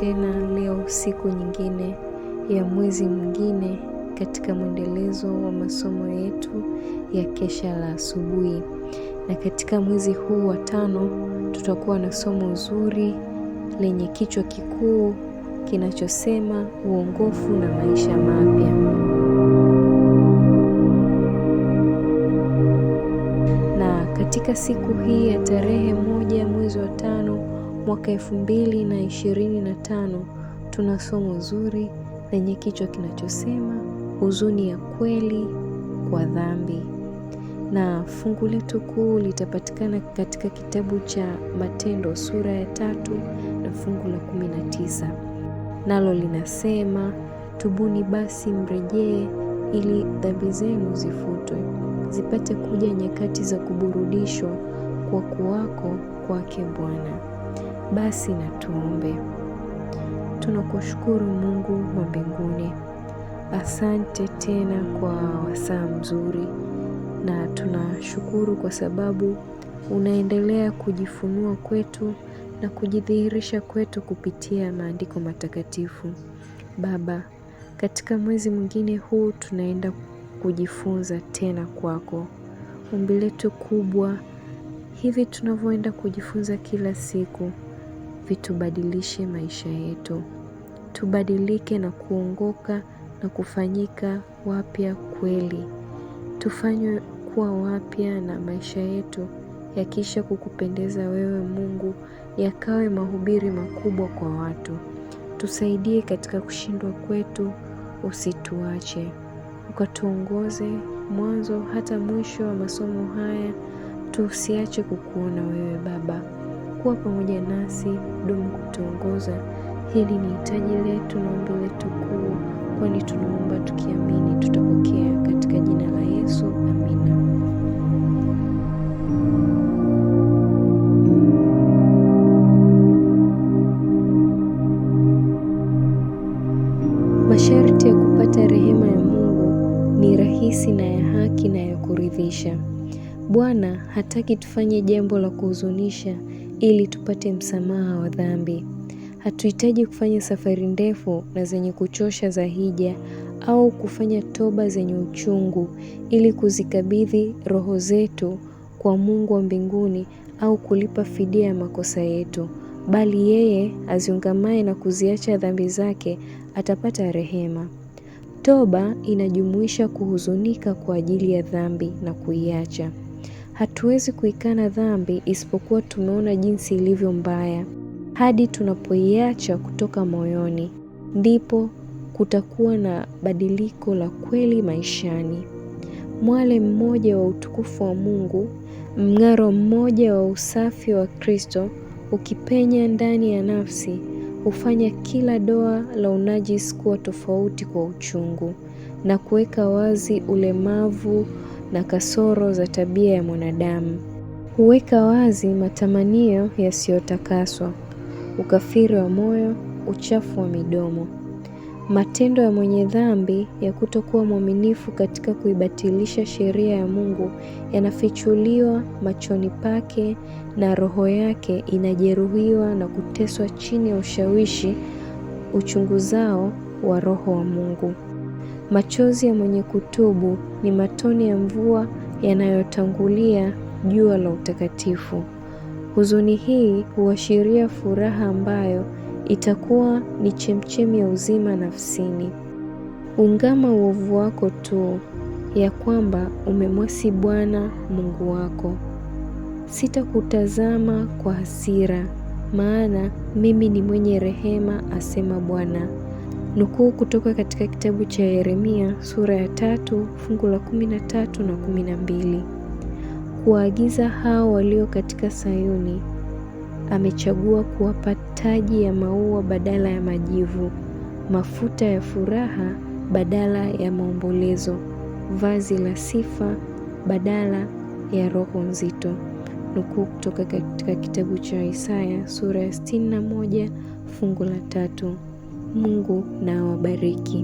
tena leo siku nyingine ya mwezi mwingine katika mwendelezo wa masomo yetu ya kesha la asubuhi. Na katika mwezi huu wa tano tutakuwa na somo zuri lenye kichwa kikuu kinachosema uongofu na maisha mapya. Na katika siku hii ya tarehe moja mwezi wa tano mwaka elfu mbili na ishirini na tano tuna somo zuri lenye kichwa kinachosema huzuni ya kweli kwa dhambi, na fungu letu kuu litapatikana katika kitabu cha Matendo sura ya tatu na fungu la kumi na tisa nalo linasema tubuni basi mrejee, ili dhambi zenu zifutwe, zipate kuja nyakati za kuburudishwa kwa kuwako kwake Bwana. Basi na tuombe. Tunakushukuru Mungu wa mbinguni, asante tena kwa wasaa mzuri, na tunashukuru kwa sababu unaendelea kujifunua kwetu na kujidhihirisha kwetu kupitia maandiko matakatifu. Baba, katika mwezi mwingine huu tunaenda kujifunza tena kwako, umbi letu kubwa hivi tunavyoenda kujifunza kila siku vitubadilishe maisha yetu, tubadilike na kuongoka na kufanyika wapya kweli, tufanywe kuwa wapya na maisha yetu yakisha kukupendeza wewe Mungu, yakawe mahubiri makubwa kwa watu. Tusaidie katika kushindwa kwetu, usituache, ukatuongoze mwanzo hata mwisho wa masomo haya, tusiache kukuona wewe Baba. Kuwa pamoja nasi, dumu kutuongoza. Hili ni hitaji letu na ombi letu kuu, kwani tunaomba tukiamini tutapokea, katika jina la Yesu, amina. Masharti ya kupata rehema ya Mungu ni rahisi na ya haki na ya kuridhisha. Bwana hataki tufanye jambo la kuhuzunisha ili tupate msamaha wa dhambi. Hatuhitaji kufanya safari ndefu na zenye kuchosha za hija au kufanya toba zenye uchungu ili kuzikabidhi roho zetu kwa Mungu wa mbinguni au kulipa fidia ya makosa yetu, bali yeye aziungamaye na kuziacha dhambi zake atapata rehema. Toba inajumuisha kuhuzunika kwa ajili ya dhambi na kuiacha. Hatuwezi kuikana dhambi isipokuwa tumeona jinsi ilivyo mbaya. Hadi tunapoiacha kutoka moyoni, ndipo kutakuwa na badiliko la kweli maishani. Mwale mmoja wa utukufu wa Mungu, mng'aro mmoja wa usafi wa Kristo ukipenya ndani ya nafsi hufanya kila doa la unajisi kuwa tofauti kwa uchungu na kuweka wazi ulemavu na kasoro za tabia ya mwanadamu. Huweka wazi matamanio yasiyotakaswa, ukafiri wa moyo, uchafu wa midomo. Matendo ya mwenye dhambi ya kutokuwa mwaminifu katika kuibatilisha sheria ya Mungu yanafichuliwa machoni pake na roho yake inajeruhiwa na kuteswa chini ya ushawishi uchunguzao wa Roho wa Mungu. Machozi ya mwenye kutubu ni matone ya mvua yanayotangulia jua la utakatifu. Huzuni hii huashiria furaha ambayo itakuwa ni chemchemi ya uzima nafsini. Ungama uovu wako tu, ya kwamba umemwasi Bwana Mungu wako. Sitakutazama kwa hasira, maana mimi ni mwenye rehema, asema Bwana. Nukuu kutoka katika kitabu cha Yeremia sura ya tatu fungu la kumi na tatu na kumi na mbili kuwaagiza hao walio katika Sayuni, amechagua kuwapa taji ya maua badala ya majivu, mafuta ya furaha badala ya maombolezo, vazi la sifa badala ya roho nzito. Nukuu kutoka katika kitabu cha Isaya sura ya 61 fungu la tatu. Mungu na awabariki.